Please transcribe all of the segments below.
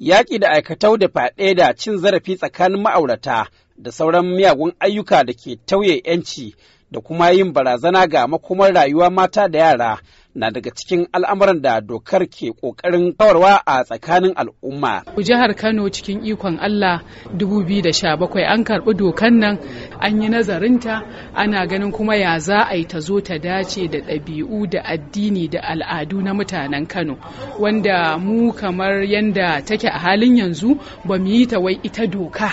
yaƙi da aikatau da faɗe da cin zarafi tsakanin ma'aurata da sauran miyagun ayyuka da ke tauye 'yanci da kuma yin barazana ga makomar rayuwa mata da yara na daga cikin al'amuran da dokar ke ƙoƙarin kawarwa a tsakanin al'umma. Jihar Kano cikin ikon Allah da sha bakwai, an karɓi dokan nan an yi nazarinta ana ganin kuma ya za a yi ta zo ta dace da ɗabi'u da addini da al'adu na mutanen Kano wanda mu kamar yanda take a halin yanzu ba mu yi ta wai ita doka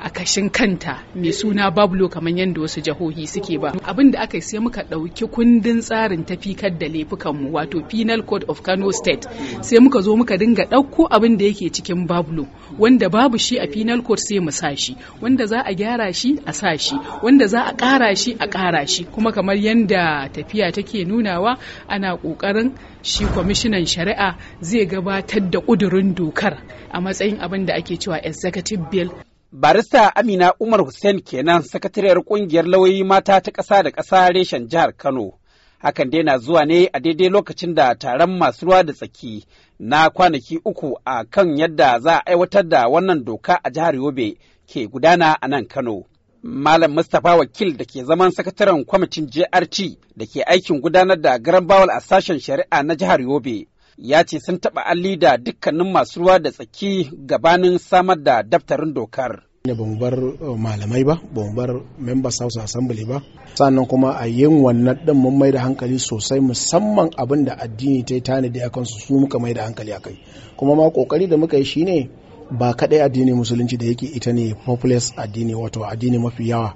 a kashin kanta mai suna bablo kamar yadda wasu jihohi suke ba abin da aka yi sai muka ɗauki kundin tsarin tafikar da laifukanmu wato penal code of kano state sai muka zo muka dinga ɗauko abin da yake cikin bablo wanda babu shi a penal code sai mu sa shi wanda za a gyara shi a sa shi wanda za a ƙara shi a ƙara shi kuma kamar yadda tafiya take nunawa ana ƙoƙarin shi kwamishinan shari'a zai gabatar da ƙudurin dokar a matsayin abin da ake cewa executive bill Barista Amina Umar Hussein kenan sakatariyar kungiyar lauyoyi mata ta ƙasa da ƙasa reshen jihar Kano. Hakan dai na zuwa ne a daidai lokacin da taron masu ruwa da tsaki na kwanaki uku a kan yadda za a aiwatar da wannan doka a jihar Yobe ke gudana a nan Kano. Malam Mustapha Wakil da ke zaman sakataren kwamitin JRT da ke aikin gudanar da garan bawal a sashen shari'a na jihar Yobe ya ce sun taɓa alli da dukkanin masu ruwa da tsaki gabanin samar da daftarin dokar. ne ba mu bar eh, malamai ba ba mu bar members house assembly ba sannan kuma a yin wannan din mun mai da hankali sosai musamman abin da addini ta yi tanadi akan su su muka mai da hankali akai kuma ma kokari da muka yi shine ba kadai addini musulunci da yake ita ne populous addini wato addini mafi yawa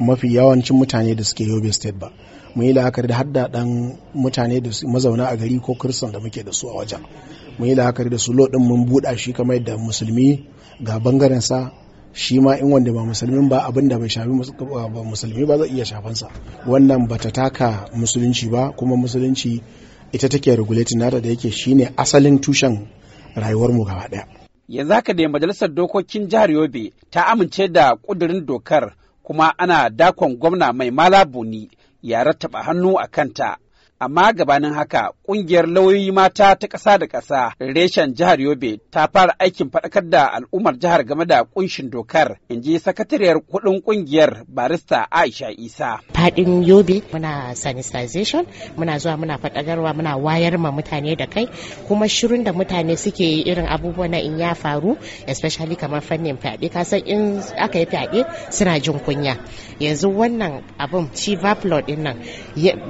mafi yawancin mutane da suke yobe state ba mu yi la'akari da hadda dan mutane da mazauna a gari ko kirsan da muke da su a wajen mu yi la'akari da su lo mun buɗa shi kamar da musulmi ga bangaren sa shi ma in wanda ba musulmin ba abin bai shafi musulmi ba zai iya shafansa wannan bata taka musulunci ba kuma musulunci ita take regulating nata da yake shine asalin tushen rayuwarmu gaba daya yanzu haka da majalisar dokokin jihar yobe ta amince da kudirin dokar kuma ana dakon gwamna mai malabuni ya rattaba hannu a kanta amma gabanin haka kungiyar lauyoyi mata ta ƙasa da ƙasa reshen jihar yobe ta fara aikin faɗakar da al'ummar jihar game da kunshin dokar in ji sakatariyar kuɗin kungiyar barista aisha isa faɗin yobe muna sanitization muna zuwa muna faɗakarwa muna wayar ma mutane da kai kuma shirin da mutane suke yi irin abubuwan na in ya faru especially kamar fannin fyaɗe kasan in aka yi fyaɗe suna jin kunya yanzu wannan abin chief din nan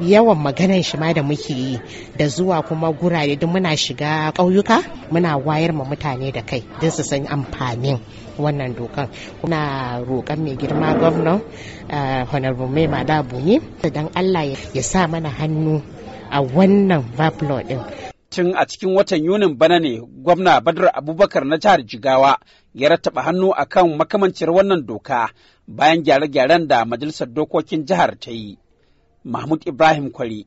yawan maganar shi aiki ma da muke yi da zuwa kuma gurare duk muna shiga ƙauyuka muna wayar ma mutane da kai don su san amfanin wannan dokan kuna roƙon mai girma gwamnan eh, honorable mai madabu ne don allah ya sa mana hannu a wannan vaplo din tun a cikin watan yunin bana ne gwamna badar abubakar na jihar jigawa ya rattaba hannu akan makamancin wannan doka bayan gyare-gyaren da majalisar dokokin jihar ta yi mahmud ibrahim kwari